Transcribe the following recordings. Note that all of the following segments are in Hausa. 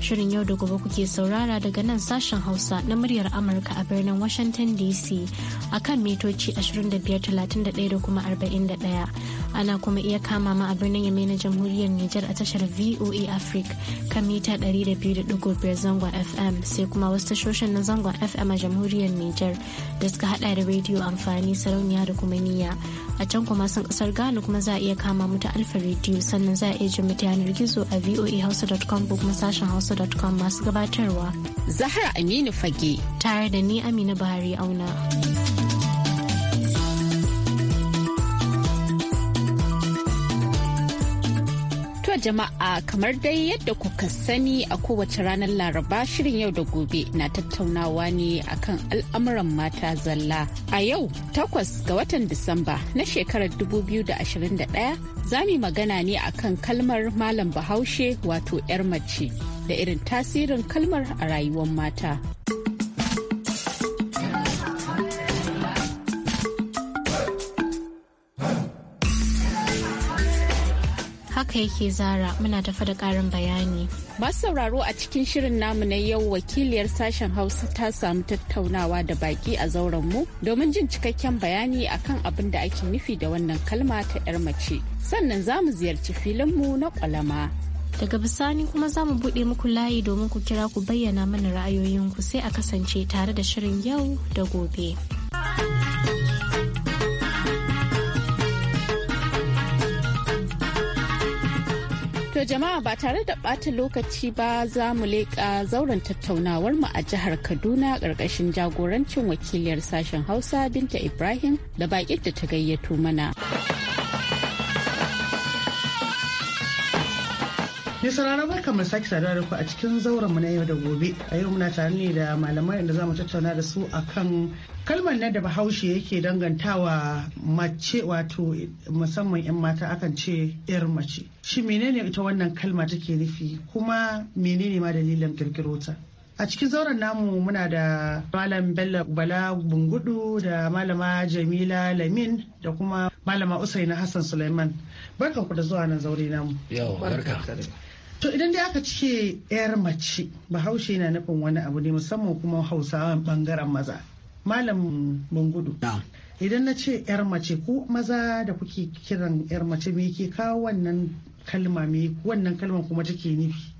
Shirin yau da gobe kuke saurara daga nan sashen Hausa na muryar Amurka a birnin Washington DC a kan mitoci 2531 da kuma 41. Ana kuma iya kama ma a birnin Yamai na Jamhuriyar Nijar a tashar VOA Africa kan mita 200.5 zangon FM sai kuma wasu tashoshin na zangon FM a Jamhuriyar Nijar da suka hada da rediyo amfani sarauniya da kuma niyya. a can kuma sun kasar Ghana kuma za a iya kama mu ta alfa rediyo sannan za a iya jin mu yanar gizo a voahausa.com ko kuma sashen hausa hausa.com masu gabatarwa. Zahra Aminu Fage. Tare da ni Amina Buhari Auna. To jama'a kamar dai yadda kuka sani a kowace ranar laraba shirin yau da gobe na tattaunawa ne akan al'amuran mata zalla. A yau takwas ga watan Disamba na shekarar 2021 Zami magana ne akan kalmar malam bahaushe wato 'yar mace. da irin tasirin kalmar a rayuwar mata. haka yake zara muna tafa da karin bayani. Masu sauraro a cikin shirin namu na yau wakiliyar sashen Hausa ta samu tattaunawa da baki a zauren domin jin cikakken bayani akan abin da ake nufi da wannan kalma ta 'yar mace. Sannan za mu ziyarci filinmu na kwalama. Daga bisani kuma za mu buɗe muku layi domin ku kira ku bayyana mana ra'ayoyinku sai a kasance tare da shirin yau da gobe. To jama'a ba tare da ɓata lokaci ba za mu leƙa zauren tattaunawar mu a jihar Kaduna ƙarƙashin jagorancin wakiliyar sashen Hausa Binta Ibrahim da baƙin da ta gayyato mana. Mai sauraron barka mu sake saduwa da ku a cikin zauren mu na yau da gobe. A yau muna tare ne da malamai da zamu tattauna da su akan kalmar na da Bahaushe yake dangantawa mace wato musamman 'yan mata akan ce 'yar mace. Shi menene ita wannan kalma take nufi kuma menene ma dalilin kirkiro ta? A cikin zauren namu muna da Malam Bello Bala Bungudu da Malama Jamila Lamin da kuma Malama Usaini Hassan Suleiman. barka ku da zuwa nan zaure namu. Yau, barka. To idan dai aka ce 'yar mace bahaushe na nufin wani abu ne musamman kuma Hausawa bangaren maza. Malam Bangudu. Idan na ce 'yar mace ko maza da kuke kiran 'yar mace me ke kawo wannan kalma me wannan kalma kuma take nufi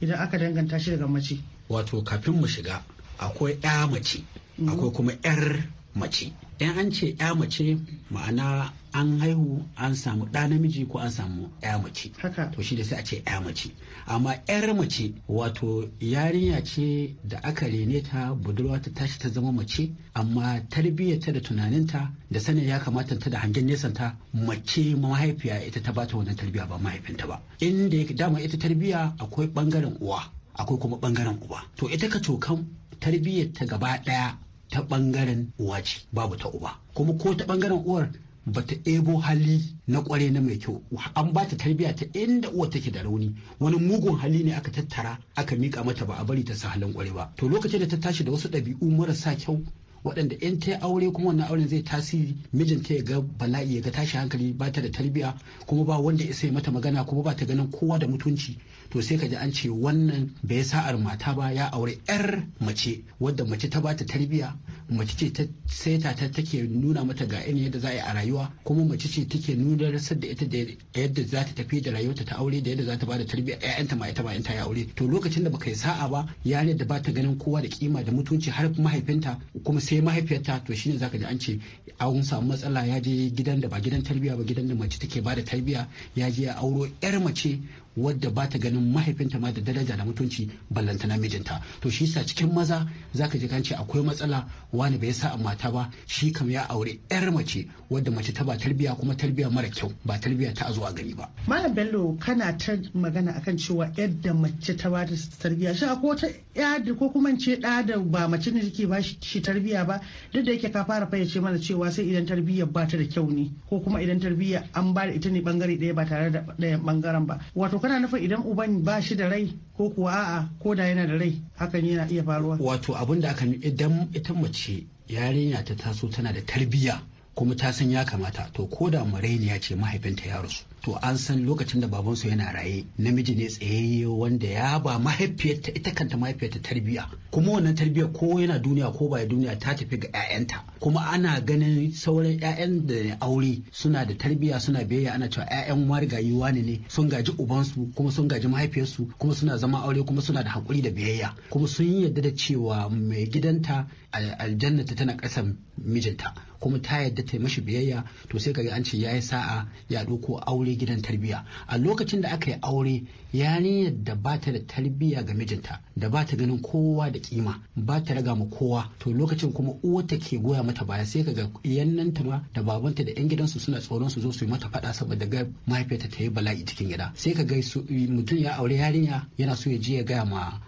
idan aka danganta shi daga mace. Wato kafin mu shiga akwai 'ya mace mm-hmm. akwai kuma 'yar mace in an ce ya mace ma'ana an haihu an samu ɗa namiji ko an samu ya mace to shi da sai a ce ya mace amma yar mace wato yarinya ce da aka rene ta budurwa ta tashi ta zama mace amma tarbiyyarta da tunaninta da sanin ya kamata ta da hangen nesan ta mace mahaifiya ita ta bata wannan tarbiyya ba mahaifinta ba inda dama ita tarbiyya akwai bangaren uwa akwai kuma bangaren uba to ita ka cokan tarbiyyar ta gaba daya ta ɓangaren uwa ce babu ta uba kuma ko ta ɓangaren uwar ba ta ebo hali na kware na mai kyau an ba ta tarbiyya ta inda uwa take da rauni wani mugun hali ne aka tattara aka mika mata ba a bari ta sa halin kware ba to lokacin da ta tashi da wasu ɗabi'u marasa kyau waɗanda in ta aure kuma wannan auren zai tasiri mijinta ya ga bala'i ya ga tashi hankali ba ta da tarbiyya, kuma ba wanda ya sai mata magana kuma ba ta ganin kowa da mutunci to sai ka ji an ce wannan bai sa'ar mata ba ya aure yar mace wadda mace ta bata tarbiya mace ce ta saita ta take nuna mata ga irin yadda za a yi a rayuwa kuma mace ce take nuna rasar da ita da yadda za ta tafi da rayuwarta ta aure da yadda za ta bada tarbiya ƴaƴanta ma ita ma ta ya aure to lokacin da baka yi sa'a ba yarinyar da ba ta ganin kowa da kima da mutunci har mahaifinta kuma sai mahaifiyarta to shine zaka ji an ce an samu matsala ya je gidan da ba gidan tarbiya ba gidan da mace take bada tarbiya ya je ya auro yar mace wadda ba ta ganin mahaifinta ma da daraja da mutunci ballantana mijinta to shi yasa cikin maza zaka ji kan ce akwai matsala wani bai sa mata ba shi kam ya aure yar mace wadda mace ta ba tarbiya kuma tarbiya mara kyau ba tarbiya ta zo a gani ba malam bello kana ta magana akan cewa yadda mace ta ba da tarbiya shi akwai wata yadda ko kuma ce da da ba mace ne take ba shi tarbiya ba duk da yake ka fara fayyace mana cewa sai idan tarbiya ba ta da kyau ne ko kuma idan tarbiya an ba ita ne bangare daya ba tare da ɗayan bangaren ba wato kana nufin idan uban ba shi da rai ko kuwa a'a ko da yana da rai hakan yana iya faruwa wato abin da aka idan ita mace yarinya ta taso tana da tarbiyya kuma ta san ya kamata to ko da ya ce mahaifinta ya rasu to an san lokacin da babansu yana raye namiji ne tsayayye wanda ya ba mahaifiyarta ita kanta mahaifiyarta tarbiyya kuma wannan tarbiyya ko yana duniya ko ba ya duniya ta tafi ga 'ya'yanta kuma ana ganin sauran 'ya'yan da aure suna da tarbiyya suna biyayya ana cewa 'ya'yan marigayi wani ne sun gaji ubansu kuma sun gaji mahaifiyarsu kuma suna zama aure kuma suna da hakuri da biyayya kuma sun yarda da cewa mai gidanta aljannata tana ƙasan mijinta kuma ta yarda ta mashi biyayya to sai kaga an ce ya yi sa'a ya ɗauko aure gidan tarbiyya a lokacin da aka yi aure yarinyar da ba ta da tarbiyya ga mijinta da ba ta ganin kowa da kima ba ta raga ma kowa to lokacin kuma uwa ta ke goya mata baya sai kaga yannanta ma da babanta da yan gidansu suna tsoron su zo su yi mata fada saboda ga mahaifiyarta ta yi bala'i cikin gida sai kaga mutum ya aure yarinya yana so ya je ya gaya ma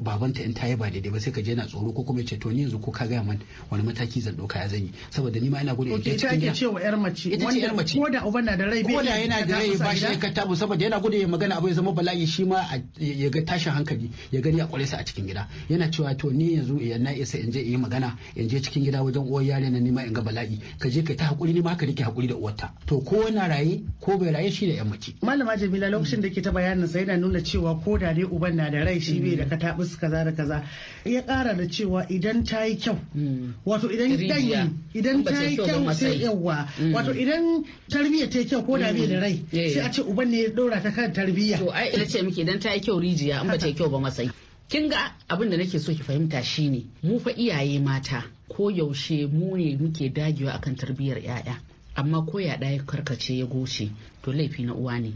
babanta in ta yi ba daidai ba sai ka je yana tsoro ko kuma ya ce to ni yanzu ko ka gaya man wani mataki zan ɗauka ya zanyi saboda ni ma ina gudu ita cikin gida cewa yar mace ita ce yar mace ko da uban na da rai ko da yana da rai ba shi ka mu saboda yana gudu ya magana abu ya zama bala'i shi ma ya ga tashin hankali ya gani a kware sa a cikin gida yana cewa to ni yanzu na isa in je in yi magana in je cikin gida wajen uwar yare na nima in ga bala'i ka je kai ta hakuri ne ma ka rike hakuri da uwarta to ko na raye ko bai raye shi da yan mace malama jamila lokacin da ke ta bayanin sai yana nuna cewa ko da dai uban na da rai shi bai da katabus kaza da kaza ya kara da cewa idan ta yi kyau hmm. wato idan dan idan ta yi kyau sai yawa hmm. wato idan tarbiyya ta yi kyau ko da bai da hmm. rai sai a ce uban ne ya dora ta kan tarbiyya to ai ina ce miki idan ta yi kyau rijiya in ba ta yi kyau ba masai kin ga abin da nake so ki fahimta shine mu fa iyaye mata ko yaushe mu ne muke dagewa akan tarbiyyar 'ya'ya amma ko ya ɗaya karkace ya goce to laifi na uwa ne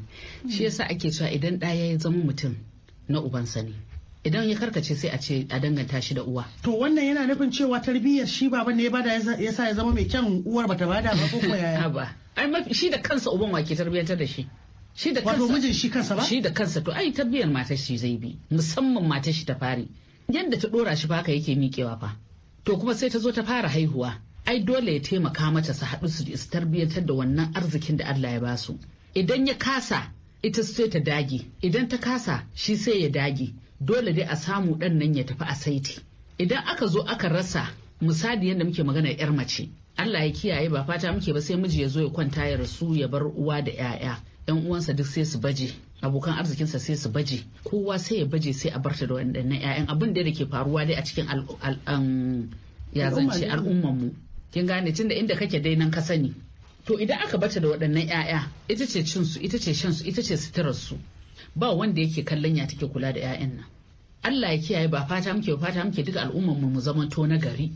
shi yasa ake cewa idan ɗaya ya zama mutum na ubansa ne idan ya karkace sai a ce a danganta shi da uwa to wannan yana nufin cewa tarbiyyar shi baban ne ya bada ya sa ya zama mai kyan uwar bata bada ba ko yaya ba ai shi da kansa uban wake tarbiyyantar da shi shi da kansa mijin shi kansa ba shi da kansa to ai tarbiyar matar shi zai bi musamman matar shi ta fari yadda ta dora shi faka yake miƙewa fa to kuma sai ta zo ta fara haihuwa ai dole ya taimaka mata su haɗu su tarbiyyantar da wannan arzikin da Allah ya basu idan ya kasa ita sai ta dage idan ta kasa shi sai ya dage dole dai a samu ɗan nan ya tafi a saiti idan aka zo aka rasa misali yadda muke magana yar mace Allah ya kiyaye ba fata muke ba sai miji ya zo ya kwanta ya rasu ya bar uwa da 'ya'ya yan uwansa duk sai su baje abokan arzikinsa sai su baje kowa sai ya baje sai a barta da waɗannan 'ya'yan abin da ke faruwa dai a cikin um, ya zance al'ummanmu kin gane tunda inda kake dai nan ka sani to idan aka bata da waɗannan 'ya'ya ita ce cin su ita ce shan su ita ce suturar su ba wanda yake kallon ya take kula da 'ya'yan nan Allah ya kiyaye ba fata muke fata muke duka al'ummanmu mu mu zamanto na gari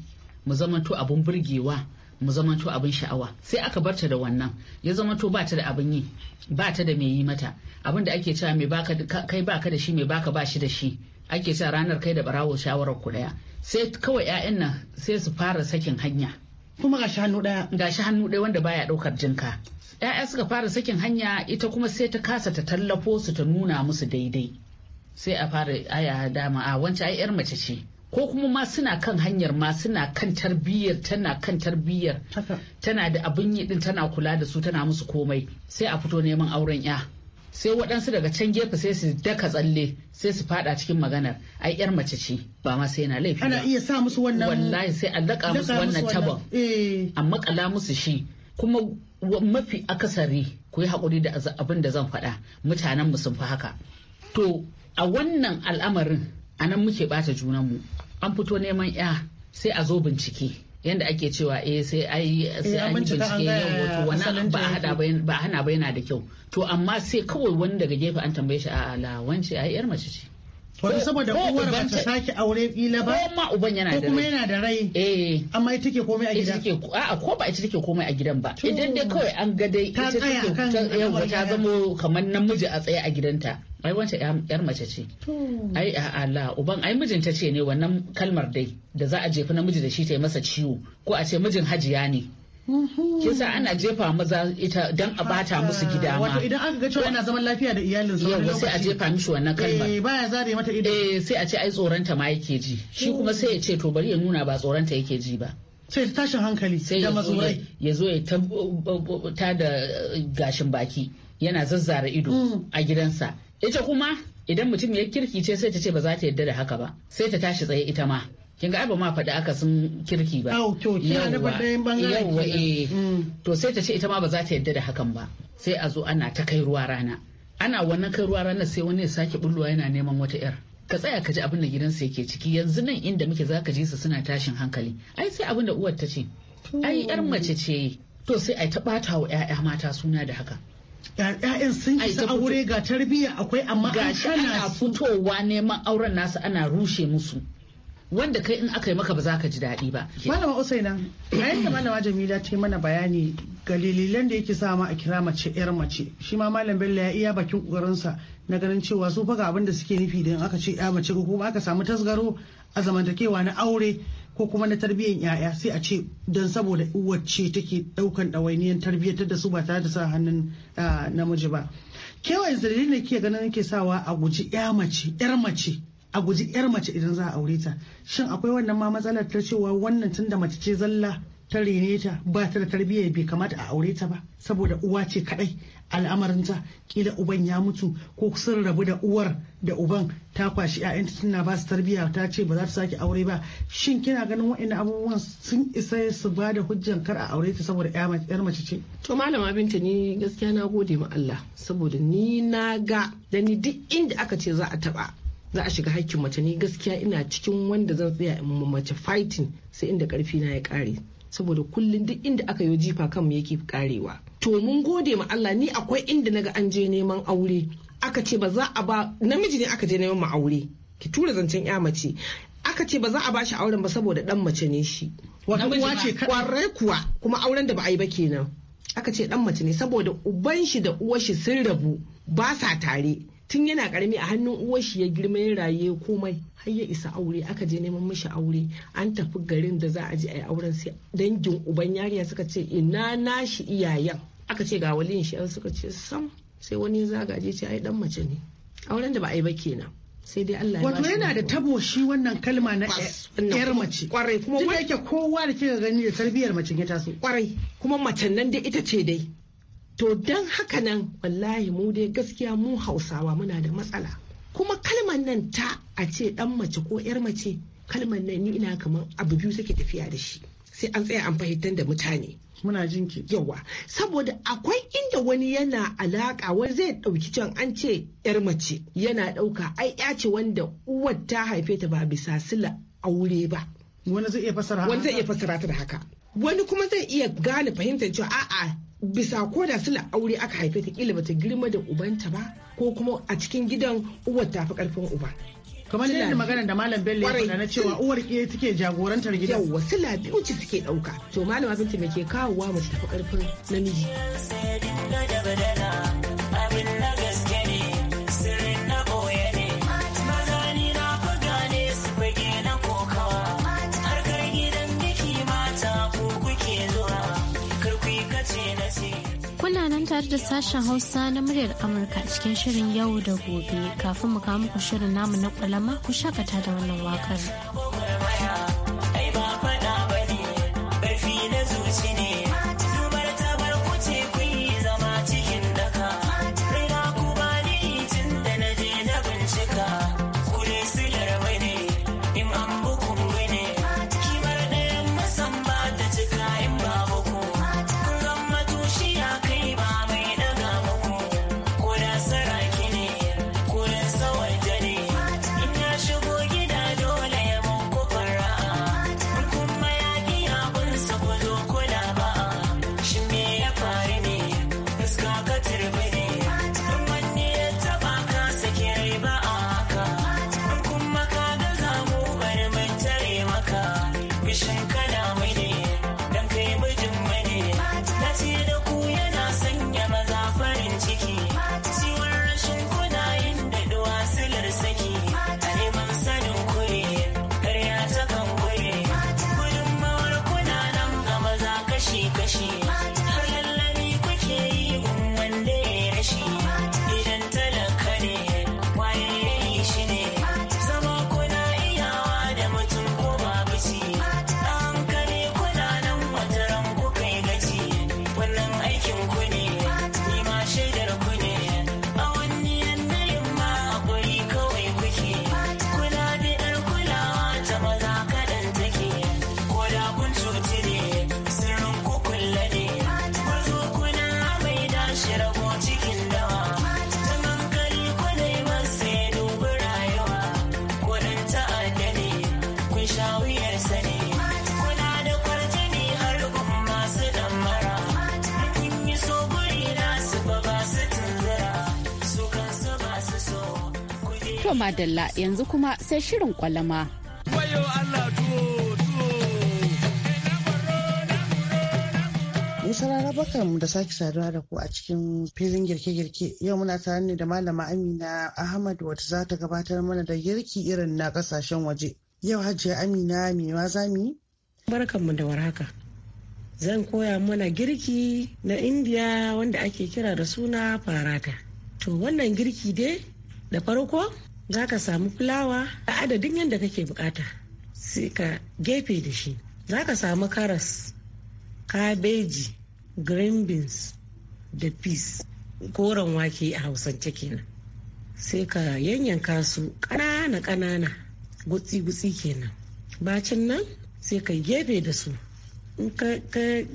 mu zamanto abun burgewa mu zamanto abin sha'awa sai aka barta da wannan ya zamanto ba ta da abin yi ba ta da mai yi mata abin da ake cewa mai baka kai baka da shi mai baka ba shi da shi ake cewa ranar kai da barawo shawarar ku daya sai kawai ƴaƴan nan sai su fara sakin hanya kuma ga hannu daya ga hannu daya wanda baya daukar jinka ƴaƴa suka fara sakin hanya ita kuma sai ta kasa ta tallafo su ta nuna musu daidai sai a fara aya dama a wancan ai yar mace ce ko kuma ma suna kan hanyar ma suna kan tarbiyyar tana kan tarbiyyar tana da abin yi din tana kula da su tana musu komai sai a fito neman auren ya sai waɗansu daga can gefe sai su daka tsalle sai su fada cikin maganar ai yar mace ce ba ma sai yana laifi ana iya sa musu wannan wallahi sai a daka musu wannan tabon eh. a makala musu shi kuma mafi akasari ku yi haƙuri da abin da zan faɗa mutanen mu sun fi haka to a wannan al'amarin a nan muke junan mu. an fito neman ya sai a zo bincike yadda ake cewa eh sai ai sai eh, an yi bincike yau wato ba hada ba hana ba yana da kyau to amma sai kawai wani daga gefe an tambaye shi a ah, lawance ai yar mace ce wato saboda uwar ba ta sake aure kila ba. Ko ma uban yana da rai. Ko kuma yana da rai. Eh. Amma ita ke komai a gida. A'a ko ba ita take komai a gidan ba. Idan dai kawai an ga dai ita take ta zama kamar namiji a tsaye a gidanta. ai wance yar mace ce ai a Allah uban ai mijinta ce ne wannan kalmar dai da za a jefa namiji da shi ta yi masa ciwo ko a ce mijin hajiya ne kisa ana jefa maza ita don a bata musu gida ma wato idan aka ga cewa yana zaman lafiya da iyalin sa yau sai a jefa mishi wannan kalmar eh baya zare mata ido eh sai a ce ai tsoronta ma yake ji shi kuma sai ya ce to bari ya nuna ba tsoronta yake ji ba sai ta tashin hankali sai ya zo ya ta da gashin baki yana zazzara ido mm. a gidansa ita kuma idan mutum ya kirkice sai ta ce ba za ta yarda da haka ba sai ta tashi tsaye ita ma kin ga ba ma faɗi aka sun kirki ba yawwa eh mm. to sai ta ce ita ma ba za ta yarda da hakan ba sai a zo ana ta kai ruwa rana ana wannan kai ruwa rana sai wani ya sake bullowa yana neman wata yar ka tsaya ka ji abin da gidansa yake ciki yanzu nan inda muke za ka ji su suna tashin hankali ai sai abin da uwar ta ce ai yar mace ce to sai ai ta ɓata wa 'ya'ya mata suna da haka 'ya'yan sun isa aure ga tarbiyya akwai amma an ana fitowa neman auren nasu ana rushe musu wanda kai in aka yi maka ba za ka ji daɗi ba. Malama Usaina, yayin da malama Jamila ta yi mana bayani ga lililan da yake sama a kira mace yar mace. Shi ma malam Bello ya iya bakin ƙoƙarinsa na ganin cewa su faga abin da suke nufi idan aka ce ya mace ko kuma aka samu tasgaro a zamantakewa na aure ko kuma na tarbiyyar yaya sai a ce don saboda wacce take daukan ɗawainiyar tarbiyyar da su ba tare da sa hannun namiji ba kewayen zargin da ke ganin ke sawa a guji ya mace yar mace a guji yar mace idan za a aure ta shin akwai wannan ma matsalar ta cewa wannan tun da mace ce zalla ta rene ta ba ta da tarbiyya bai kamata a aure ta ba saboda uwa ce kadai al'amarinta kila uban ya mutu ko sun rabu da uwar da uban ta kwashi 'ya'yanta tana ba su tarbiyya ta ce ba za ta sake aure ba shin kina ganin wa'annan abubuwan sun isa su ba da hujjan kar a aure ta saboda 'yar mace ce to malama binta ni gaskiya na gode ma Allah saboda ni na ga da ni duk inda aka ce za a taba za a shiga hakkin mace ni gaskiya ina cikin wanda zan tsaya in mace fighting sai inda karfi na ya kare saboda kullum duk inda aka yi jifa kanmu yake karewa to mun gode ma Allah ni akwai inda naga an je neman aure aka ce ba za a ba namiji ne aka je neman ma aure ki tura zancen ya mace aka ce ba za a ba shi auren ba saboda dan mace ne shi Wani ce kwarai kuwa kuma auren da ba a yi ba kenan aka ce dan mace ne saboda uban shi da uwar shi sun rabu ba sa tare tun yana karami a hannun uwar shi ya girma ya raye komai har ya isa aure aka je neman mishi aure an tafi garin da za a je a yi auren sai dangin uban yariya suka ce ina nashi iyayen aka ce ga waliyin shi suka ce sam sai wani ya zagaje ce ai dan mace ne auren da ba a yi ba kenan sai dai Allah ya wato yana da tabo shi wannan kalma na yar mace kwarai kuma wanda yake kowa da kika gani da tarbiyar mace ta so. kwarai kuma macen nan dai ita ce dai to don haka nan wallahi mu dai gaskiya mu hausawa muna da matsala kuma kalmar nan ta a ce dan mace ko yar mace kalmar nan ni ina kamar abu biyu suke tafiya da shi sai an tsaya an fahimtar da mutane muna jinki yawa saboda akwai inda wani yana alaka wani zai dauki can an ce yar mace yana dauka ai ya ce wanda uwar ta haife ta ba bisa sila aure ba wani zai iya fasara wani zai iya fasara ta da haka wani kuma zai iya gane fahimtar cewa a'a bisa ko da sila aure aka haife ta kila bata girma da ubanta ba ko kuma a cikin gidan uwar ta fi karfin uba kamar yadda magana da malam bello ya na cewa uwar ke take jagorantar gidan yawa sila biyu ce suke dauka to malama binta me ke kawowa mace tafi karfin namiji tare da sashen Hausa na muryar Amurka cikin shirin yau da gobe kafin mu kawo muku shirin namu na kwalama ku shakata da wannan wakar. Dalla yanzu kuma sai shirin kwalama. Nisarara mu da sake saduwa da ku a cikin filin girke-girke yau muna tare ne da malama Amina Ahmad wata za ta gabatar mana da girki irin na kasashen waje. Yau hajiya Amina me ma za mu yi? mu da warhaka. Zan koya mana girki na Indiya wanda ake kira da suna farata. To wannan girki dai da farko za ka samu fulawa a adadin yadda kake bukata sai ka gefe da shi za ka samu karas kabeji green beans da peas goron wake a hausance kenan sai ka yanyanka su ƙanana ƙanana gutsi-gutsi kenan bacin nan sai ka gefe da su in ka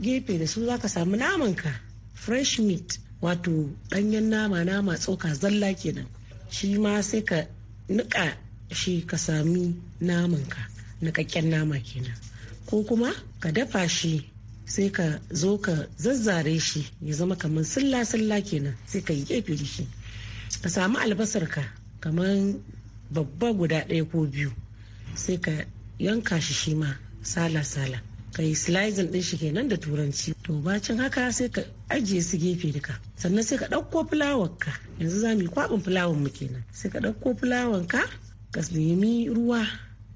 gefe da su za ka samu namanka fresh meat wato ɗanyen nama nama tsoka zalla kenan shi ma sai ka nika shi ka sami namanka nikakken nama kenan ko kuma ka dafa shi sai ka zo ka zazzare shi ya zama kamar silla-silla kenan sai ka yi gefe shi ka samu albasarka kamar babba guda ɗaya ko biyu sai ka yanka shi shi ma sala-sala ka yi slicing din shi kenan da turanci to bacin haka sai ka ajiye su gefe duka sannan sai ka ɗauko fulawar ka yanzu za mu yi kwaɓin fulawar mu kenan sai ka ɗauko fulawar ka ka nemi ruwa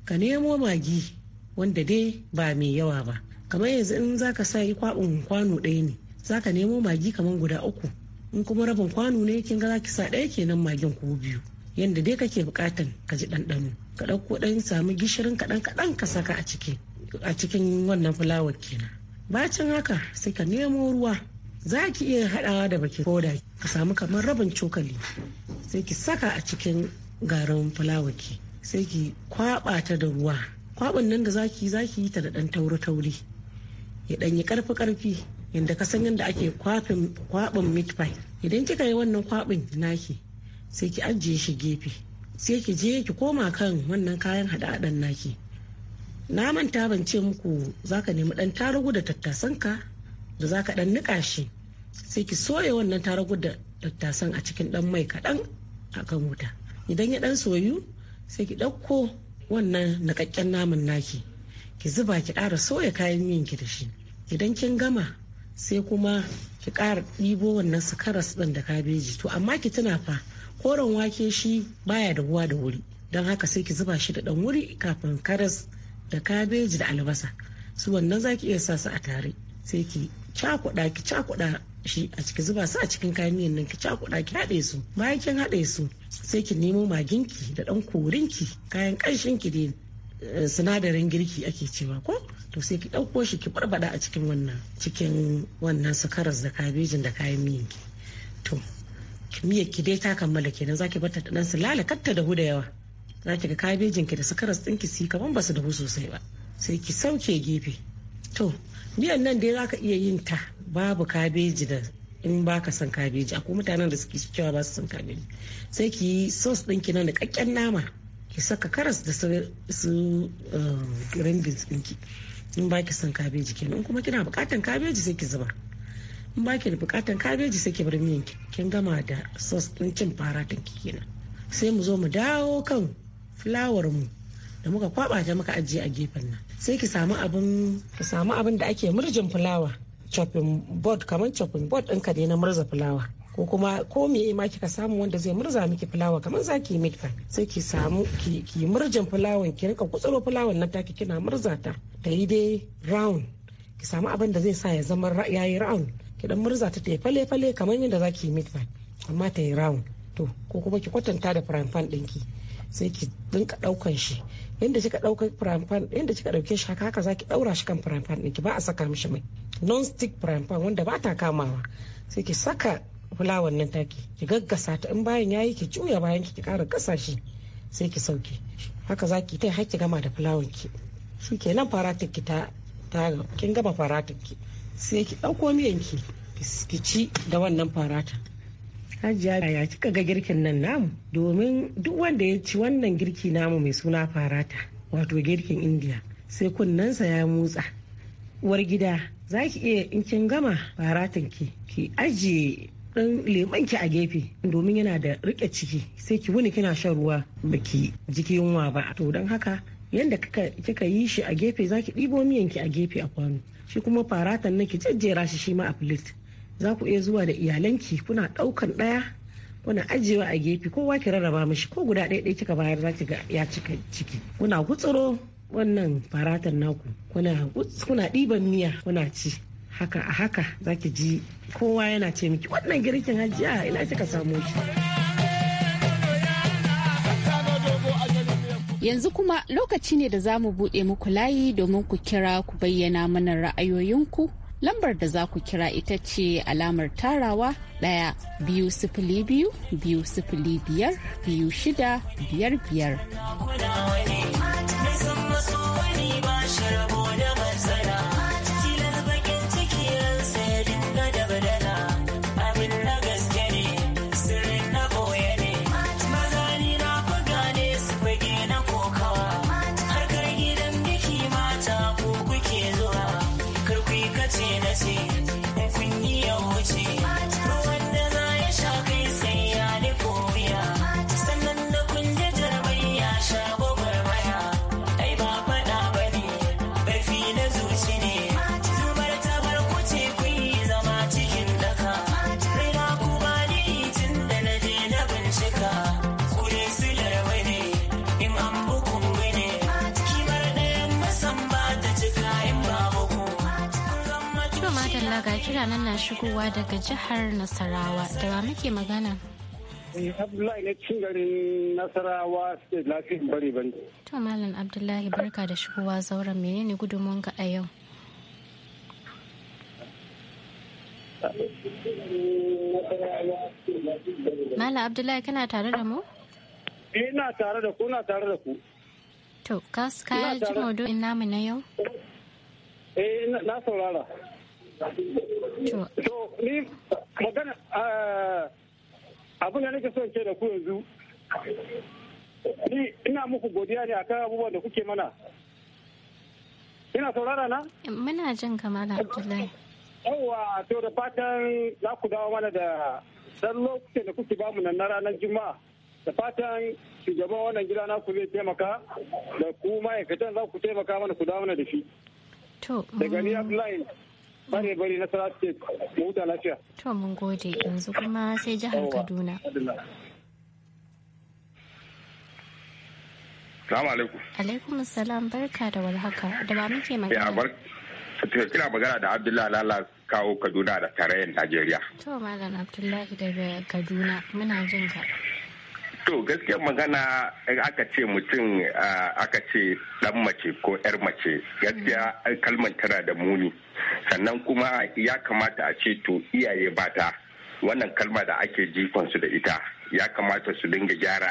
ka nemo magi wanda dai ba mai yawa ba kamar yanzu in za ka sa yi kwaɓin kwano ɗaya ne za ka nemo magi kamar guda uku in kuma rabin kwano ne kin ga za ki sa ɗaya kenan magin ko biyu yanda dai kake bukatan ka ji ɗanɗano ka ɗauko ɗan samu gishirin kaɗan kaɗan ka saka a ciki a cikin wannan fulawar kenan bacin haka sai ka nemo ruwa za ki iya haɗawa da bakin koda ka samu kamar rabin cokali sai ki saka a cikin garin fulawar ki sai ki kwaɓa ta da ruwa kwaɓin nan da zaki zaki yi ta da ɗan tauri tauri ya ɗan yi ƙarfi ƙarfi yadda ka san yadda ake kwaɓin meat pie idan kika yi wannan kwaɓin naki sai ki ajiye shi gefe sai ki je ki koma kan wannan kayan haɗa naki na manta ban ce muku za ka nemi dan tarugu da tattasanka da za ka dan nika shi sai ki soya wannan tarugu da tattasan a cikin dan mai kaɗan a kan wuta idan ya dan soyu sai ki ɗauko wannan nakakken naman naki ki zuba ki ƙara soya kayan yin ki da shi idan kin gama sai kuma ki ƙara ɗibo wannan su karas ɗin da kabeji to amma ki tuna fa koren wake shi baya da ruwa da wuri don haka sai ki zuba shi da ɗan wuri kafin karas da kabeji da albasa su wannan za ki iya sa su a tare sai ki cakuɗa ki cakuɗa shi a ciki zuba su a cikin kayan miyan nan ki cakuɗa ki haɗe su bayan kin haɗe su sai ki nemo maginki da ɗan korinki kayan ƙanshinki dai eh, sinadarin girki ake cewa ko to sai ki ɗauko shi ki barbada a cikin wannan cikin wannan su karas da kabejin da kayan miyan ki to miyar ki dai ta kammala kenan zaki bar ta ɗan su lalakatta da hu da yawa za ki ga kabejin ki da su karas ɗinki su kaman ba su dahu sosai ba sai ki sauke gefe to miyan nan dai za ka iya yin ta babu kabeji da in ba ka son kabeji akwai mutanen da suke cewa ba su son kabeji sai ki yi sos ɗinki nan da ƙaƙƙen nama ki saka karas da su green beans ɗinki in ba ki son kabeji kenan in kuma kina buƙatan kabeji sai ki zuba in ba ki da buƙatan kabeji sai ki bar miyan ki kin gama da sos ɗin cin fara ki kenan sai mu zo mu dawo kan fulawar mu da muka kwaba ta muka ajiye a gefen nan sai ki samu abin ki samu abin da ake murjin fulawa chopping board kamar chopping board ka ne na murza fulawa ko kuma ko me ma kika samu wanda zai murza miki fulawa kamar za ki yi sai ki samu ki murjin fulawan ki rika kutsuro fulawan nan take kina murza ta ta yi dai round ki samu abin da zai sa ya zama yayi round ki dan murza ta ta fale fale kamar yadda zaki ki yi amma ta yi round to ko kuma ki kwatanta da frying pan ɗinki sai ki dinka daukan shi yadda kika dauka frying pan inda kika dauke shi haka haka zaki daura shi kan frying pan ki ba a saka mishi mai non stick frying pan wanda ba ta kamawa sai ki saka fulawan nan taki ki gaggasa ta in bayan yayi ki juya bayan ki kara kasa shi sai ki sauke haka zaki ta har ki gama da fulawan ki shi kenan faratin ki ta ta kin gama faratin ki sai ki dauko miyan ki ki ci da wannan faratin Hajiya ya kika ga girkin nan namu domin duk wanda ya ci wannan girki namu mai suna farata wato girkin indiya sai kunnensa ya motsa. Uwar gida za ki iya in kin gama faratin ki ki ajiye dan leman ki a gefe domin yana da rike ciki sai ki wuni kina shan ruwa baki jiki yunwa ba to don haka yadda kika yi shi a gefe zaki ki ɗibo miyan ki a gefe a kwano shi kuma faratan nan ki jejjera shi shi ma a plate za ku iya zuwa da iyalanki kuna ɗaukan ɗaya kuna ajiyewa a gefe kowa ki rarraba mishi ko guda ɗaya ɗaya kika bayar za ki ga ya cika ciki kuna gutsuro wannan faratan naku kuna ɗiban miya kuna ci haka a haka za ki ji kowa yana ce miki wannan girkin hajiya ina kika samo shi. Yanzu kuma lokaci ne da za mu buɗe muku layi domin ku kira ku bayyana mana ra'ayoyinku lambar da za ku kira ita ce alamar tarawa ɗaya biyu sifili biyu biyu sifili biyar biyu shida biyar biyar. kira nan na shigowa daga jihar Nasarawa da ba muke magana. Eh, Abdullahi ne cin garin Nasarawa state lafiyan bari ban. To Malam Abdullahi barka da shigowa zauren menene ga a yau? Malam Abdullahi kana tare da mu? Eh, ina tare da ku, ina tare da ku. To, ka ji ina mu na yau? Eh, na saurara. to ni magana ah, abin da nake son ke da ku yanzu ni ina muku godiya ne akan abubuwan da kuke mana ina saurara na muna jin kamala abdullahi yawwa to da fatan za ku dawo mana da dan lokacin da kuke bamu nan na ranar juma'a da fatan shugaban wannan gida na ku zai taimaka da ku ma'aikatan za ku taimaka mana ku dawo mana da shi daga ni abdullahi bare bari na sara ce huta lafiya to mun gode yanzu kuma sai jihar kaduna Salamu alaikum. Alaikum salam barka da warhaka da ba muke magana. Ya bar magana da Abdullahi Lala kawo Kaduna da tarayyar Najeriya. To Malam Abdullahi daga Kaduna muna jin ka. To gaskiya magana aka ce mutum aka ce dan mace ko yar mace gaskiya kalmar tana da muni sannan kuma ya kamata a ce to iyaye bata wannan kalma da ake jikonsu da ita ya kamata su dinga gyara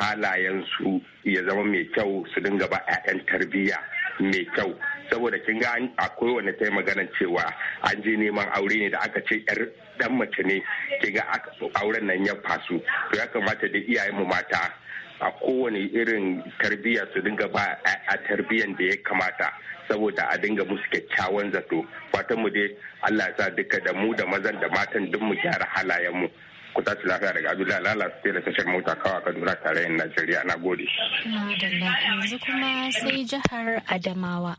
halayensu ya zama mai kyau su dinga ba 'ya'yan tarbiyya mai kyau saboda kin ga akwai wani ta maganar cewa an je neman aure ne da aka ce yar dan mace ne ke ga auren nan ya fasu to ya kamata da iyayen mu mata a kowane irin tarbiyya su dinga ba a tarbiyyan da ya kamata saboda a dinga musu kyakkyawan zato fatan mu dai Allah ya sa duka da mu da mazan da matan duk mu gyara halayen mu ku tashi lafiya daga Abdullahi Lala su da tashar mota kawa Kaduna tarayyar Najeriya na gode. Yanzu kuma sai jihar Adamawa.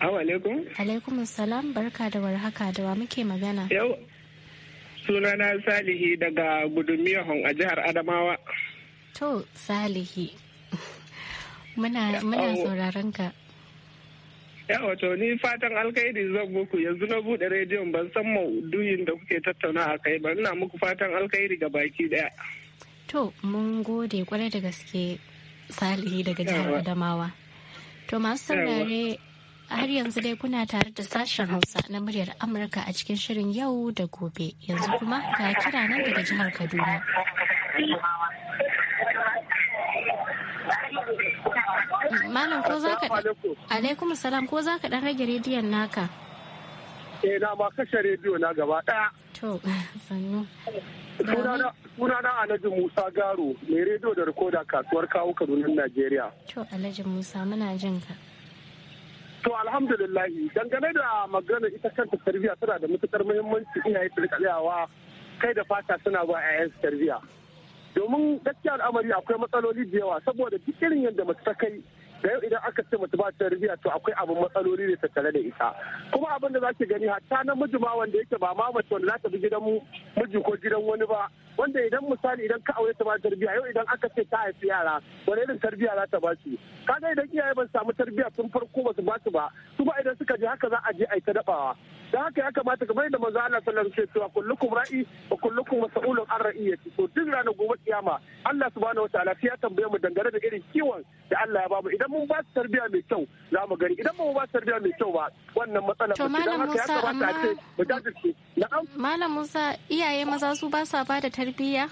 Awa alaikum. Alaikum salam barka da warhaka da wa muke magana. Yau sunana Salihi daga Gudumiyahon a jihar Adamawa. To Salihi. muna muna sauraron ka. Ya to ni fatan alkhairi zan muku yanzu na bude rediyon ban san maudu'in da kuke tattauna a kai ba ina muku fatan alkhairi ga baki daya. To mun gode kwarai da gaske Salihi daga jihar Adamawa. To masu saurare har yanzu dai kuna tare da sashen hausa na muryar amurka a cikin shirin yau da gobe yanzu kuma ga kira nan daga jihar kaduna malam ko za ka alaikum salam ko za ka dan rage rediyon naka eh na ma kashe rediyo na gaba daya to sannu sunana alhaji musa garo mai rediyo da rikoda kasuwar kawo kaduna najeriya to alhaji musa muna jin ka To alhamdulillah dangane da magana ita kanta tarbiyya tana da matukar muhimmanci iyaye su rika kai da fata suna ba 'ya'yansu tarbiyya. Domin gaskiya al'amari akwai matsaloli da yawa saboda duk irin yadda mace ta kai yau idan aka ce mutu ba tarbiyya to akwai abin matsaloli ne tattare da ita kuma abin da zaki gani hatta na miji ma wanda yake ba ma mace wanda zata bi gidan miji ko gidan wani ba wanda idan misali idan ka aure ta ba tarbiyya yau idan aka ce ta haifi yara wani irin tarbiya za ta ba su kaga idan iyaye ban samu tarbiya sun farko ba su ba su ba su ba idan suka je haka za a je a yi ta dabawa da haka ya kamata kamar yadda maza Allah sallallahu alaihi wasallam cewa kullukum ra'i wa kullukum mas'ulun an ra'iyati to duk ranar gobe kiyama Allah subhanahu wataala sai ya tambaye mu dangane da irin kiwon da Allah ya bamu idan mun ba su tarbiya mai kyau za mu gani idan mun ba su tarbiya mai kyau ba wannan matsala ba idan haka ya kamata a ce mu dace na'am malam Musa iyaye maza su ba sa ba da tarbiya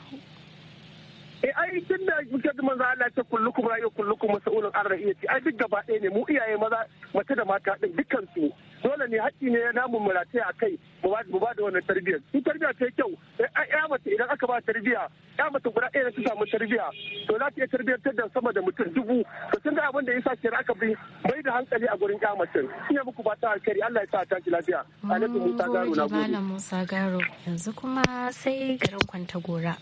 e ai tun da muke da manzo Allah ce kullukum rayu kullukum mas'ulun an ai duk gaba ɗaya ne mu iyaye maza mace da mata din dukkan su dole ne haƙƙi ne na mu a kai mu ba mu ba da wannan tarbiyyar su tarbiyya ta kyau eh, ai ai mace idan aka ba tarbiyya ya mata guda ɗaya ta samu tarbiyya to za ta iya ta da sama da mutum dubu to tun da abin da yasa ke aka bi bai da hankali a gurin ya mace ina muku ba ta alkhairi Allah ya sa ta ki lafiya alaikum musa garo na gode Musa Garo yanzu kuma sai garin kwanta gora.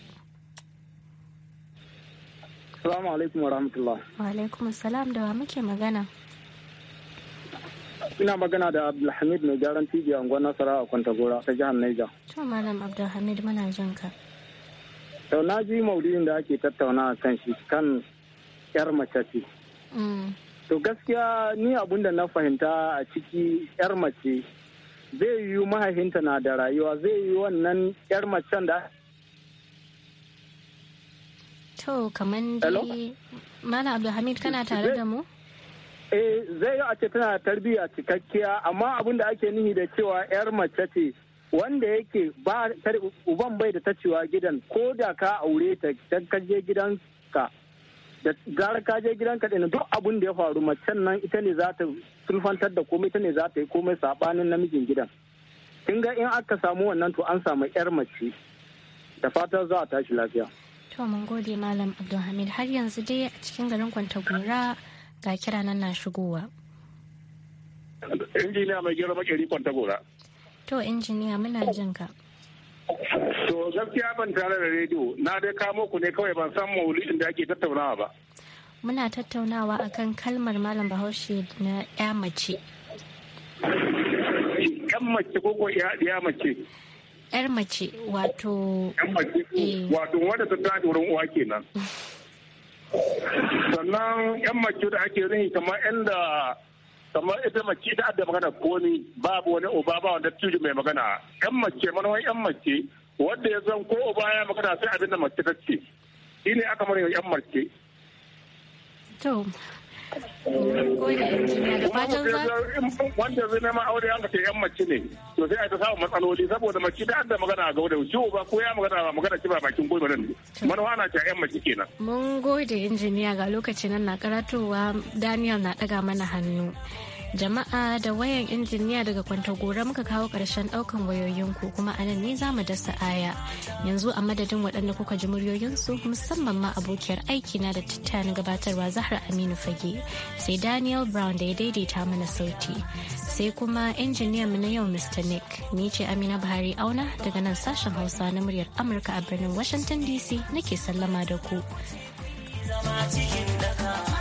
Assalamu alaikum wa rahmatullah. Wa alaikum assalam da wa muke magana. Ina magana da Abdulhamid mai gyaran tibi a unguwar Nasara a Kwantagora ta jihar Niger. To Malam Abdulhamid muna jin ka. To na ji maudu'in da ake tattauna kan shi kan yar mace ce. Mm. To gaskiya ni abun da na fahimta a ciki yar mace zai yi mahaifinta na da rayuwa zai yi wannan yar macen da To kaman dai Mala kana tare da mu? Eh, zai yi a ce tana tarbiyya cikakkiya amma abin da ake nihi da cewa 'yar mace ce wanda yake ba uban bai da ta cewa gidan ko da ka aure ta dan ka je gidanka da gara ka je gidanka din duk abin da ya faru macen nan ita ne za ta sulfantar da komai ita ne za ta yi komai saɓanin namijin gidan kin ga in aka samu wannan to an samu yar mace da fatan za a tashi lafiya To mun gode Malam Abdulhamid har yanzu dai a cikin garin kwanta Gora ga kira nan na shigowa. Injiniya mai gero makeri Gora. To injiniya muna jin ka. To gaskiya ban tare da rediyo na dai kamo ku ne kawai ban san maulidin da ake tattaunawa ba. Muna tattaunawa akan kalmar Malam Bahaushe na ya mace. Yan mace ko ko ya mace. 'yar mace wato eh. wato wadda ta tashi wurin uwa kenan sannan 'yan mace da ake rini kamar inda kamar ita mace ita adda magana ko ni babu wani uba ba wanda tuju mai magana 'yan mace manawan 'yan mace wanda ya zan ko uba ya magana sai abin da mace ta ce shi ne aka mana 'yan mace wanda zai neman aure an kace yan mace ne to sai a ta samu matsaloli saboda mace da da magana ga da ciwo ba ko ya magana ba magana ci ba bakin gwiwa nan manuwa na ta yan mace kenan mun gode injiniya ga lokacin nan na karatowa daniel na daga mana hannu jama'a da wayan injiniya daga kwantagora muka kawo ƙarshen ɗaukan wayoyinku kuma a nan ne za mu dasa aya yanzu a madadin waɗanda kuka ji muryoyinsu musamman ma abokiyar na da tattayan gabatarwa zahra aminu fage sai daniel brown da ya daidaita mana sauti sai kuma injiniyan mu na yau mr nick ni ce amina buhari auna daga nan sashen hausa na muryar amurka a birnin washington dc nake sallama da ku. Zama cikin daka.